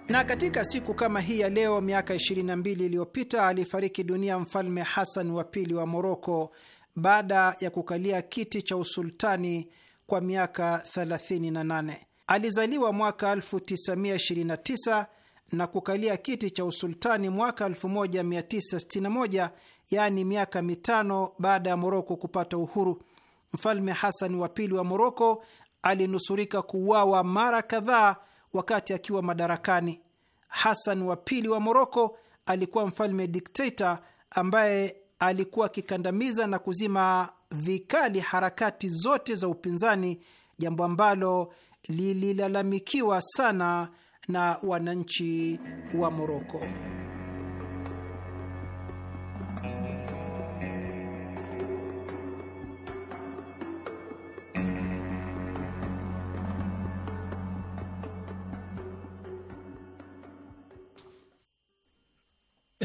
Na katika siku kama hii ya leo miaka 22 iliyopita alifariki dunia mfalme Hassan wa pili wa Moroko baada ya kukalia kiti cha usultani kwa miaka 38. Alizaliwa mwaka 1929 na kukalia kiti cha usultani mwaka 1961, yaani miaka mitano baada ya Moroko kupata uhuru. Mfalme Hasani wa pili wa Moroko alinusurika kuuawa mara kadhaa wakati akiwa madarakani. Hasan wa pili wa Moroko alikuwa mfalme dikteta ambaye alikuwa akikandamiza na kuzima vikali harakati zote za upinzani, jambo ambalo lililalamikiwa sana na wananchi wa Moroko.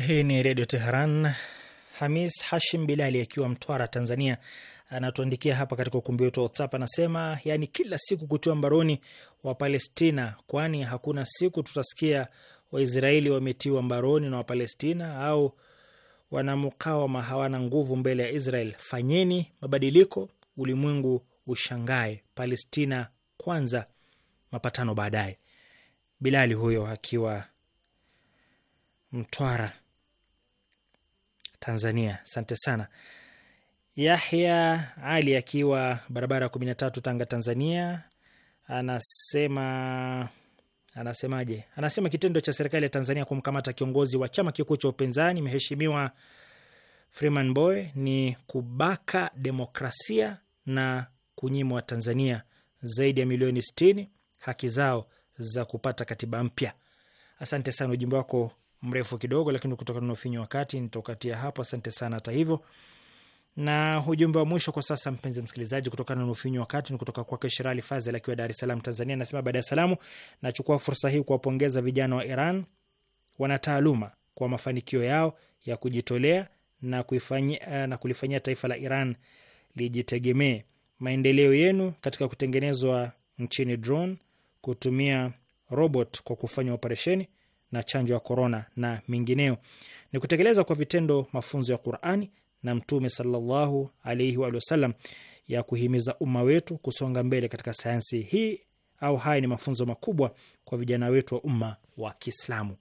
Hii ni Redio Teheran. Hamis Hashim Bilali akiwa Mtwara, Tanzania, anatuandikia hapa katika ukumbi wetu wa WhatsApp. Anasema yaani kila siku kutiwa mbaroni wa Palestina, kwani hakuna siku tutasikia Waisraeli wametiwa mbaroni na Wapalestina au wanamukawama hawana nguvu mbele ya Israel. Fanyeni mabadiliko, ulimwengu ushangae. Palestina kwanza, mapatano baadaye. Bilali huyo akiwa Mtwara. Tanzania. Asante sana. Yahya Ali akiwa barabara ya kumi na tatu Tanga, Tanzania, anasema anasemaje? Anasema kitendo cha serikali ya Tanzania kumkamata kiongozi wa chama kikuu cha upinzani Mheshimiwa Freeman Boy ni kubaka demokrasia na kunyimwa Tanzania zaidi ya milioni sitini haki zao za kupata katiba mpya. Asante sana, ujumbe wako mrefu kidogo, lakini kutokana na ufinyu wakati nitokatia hapo. Asante sana hata hivyo. Na ujumbe wa mwisho kwa sasa, mpenzi msikilizaji, kutokana na ufinyu wakati ni kutoka kwake Sherali Fazel akiwa Dar es Salaam, Tanzania. Anasema baada ya salamu, nachukua fursa hii kuwapongeza vijana wa Iran wanataaluma kwa mafanikio yao ya kujitolea na, kuifanyia eh, na kulifanyia taifa la Iran lijitegemee. Maendeleo yenu katika kutengenezwa nchini drone, kutumia robot kwa kufanya operesheni na chanjo ya korona na mengineyo, ni kutekeleza kwa vitendo mafunzo ya Qurani na Mtume sallallahu alaihi wa sallam ya kuhimiza umma wetu kusonga mbele katika sayansi hii au haya ni mafunzo makubwa kwa vijana wetu wa umma wa Kiislamu.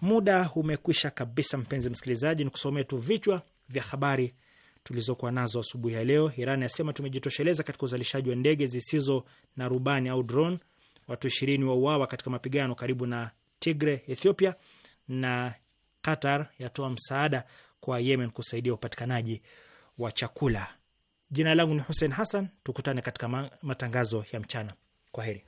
Muda umekwisha kabisa, mpenzi msikilizaji, ni kusomea tu vichwa vya habari tulizokuwa nazo asubuhi ya leo. Iran yasema tumejitosheleza katika uzalishaji wa ndege zisizo na rubani au drone. Watu ishirini wauawa katika mapigano karibu na Tigre Ethiopia, na Qatar yatoa msaada kwa Yemen kusaidia upatikanaji wa chakula. Jina langu ni Hussein Hassan, tukutane katika matangazo ya mchana. Kwa heri.